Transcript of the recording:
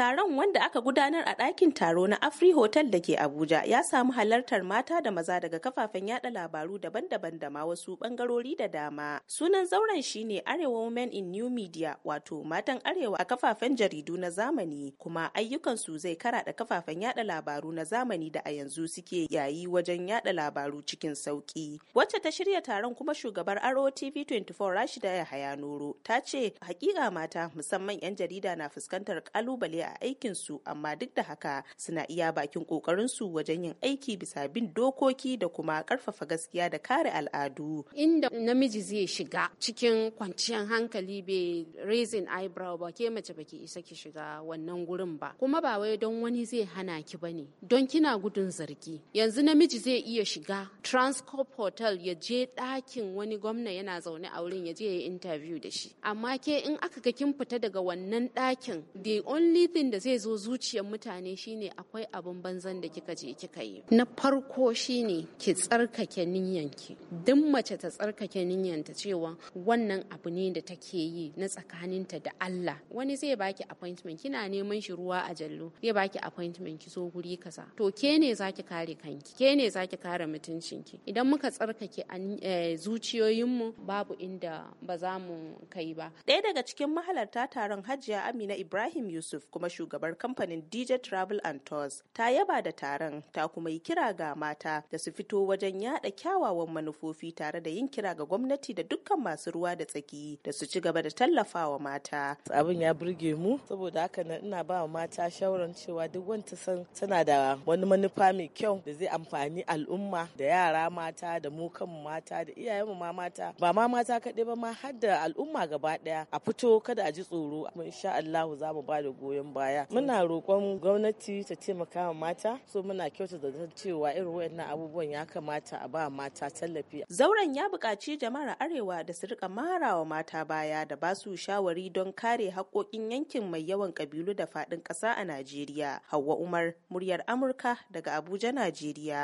Taron wanda aka gudanar a ɗakin taro na Afri Hotel da ke Abuja ya samu halartar mata da maza daga kafafen yada labaru daban-daban da ma wasu ɓangarori da dama. Sunan zauren shine Arewa Women in New Media wato matan Arewa a kafafen jaridu na zamani kuma ayyukansu zai karaɗa kafafen yada labaru na zamani da a yanzu suke yayi wajen yada labaru cikin sauƙi. Wacce ta shirya taron kuma shugabar ROTV 24 Rashida Yahaya Noro ta ce hakika mata musamman 'yan jarida na fuskantar kalubale a aikinsu amma duk da haka suna iya bakin ƙoƙarinsu wajen yin aiki bisa bin dokoki da kuma karfafa gaskiya da kare al'adu. Inda namiji zai shiga cikin kwanciyar hankali bai raising eyebrow ba ke mace baki isa ki shiga wannan gurin ba kuma ba wai don wani zai hana ki bane don kina gudun zargi yanzu namiji zai iya shiga transcorp hotel ya je dakin wani gwamna yana zaune a wurin ya je ya interview da shi amma ke in aka ga kin fita daga wannan ɗakin the only thing abin da zai zo zuciyar mutane shine akwai abin banzan da kika je kika yi na farko shine ki tsarkake niyyanki duk mace ta tsarkake niyyanta cewa wannan abu ne da take yi na tsakaninta da Allah wani zai baki appointment kina neman shi ruwa a jallo zai baki appointment ki zo guri kaza to ke ne zaki kare kanki ke ne zaki kare mutuncinki idan muka tsarkake eh, zuciyoyinmu babu inda ba za mu kai ba Daya daga cikin mahalarta taron hajiya Amina Ibrahim Yusuf kuma shugabar kamfanin DJ Travel and Tours ta yaba da taron ta kuma yi kira ga mata da su fito wajen yada kyawawan manufofi tare da yin kira ga gwamnati da dukkan masu ruwa da tsaki da su ci gaba da tallafawa mata. Abin ya burge mu saboda haka na ina ba mata shawaran cewa duk wanda san tana da wani manufa mai kyau da zai amfani al'umma da yara mata da mu kanmu mata da iyayenmu ma mata ba ma mata kaɗai ba ma har da al'umma gaba ɗaya a fito kada a ji tsoro kuma insha Allah za mu ba da goyon baya muna roƙon gwamnati ta taimaka wa mata so muna kyautata da cewa irin wayannan abubuwan ya kamata a ba mata tallafi zauren ya buƙaci jama'ar arewa da su rika marawa mata baya da ba su shawari don kare haƙoƙin yankin mai yawan ƙabilu da faɗin ƙasa a Najeriya Hauwa Umar muryar Amurka daga Abuja Najeriya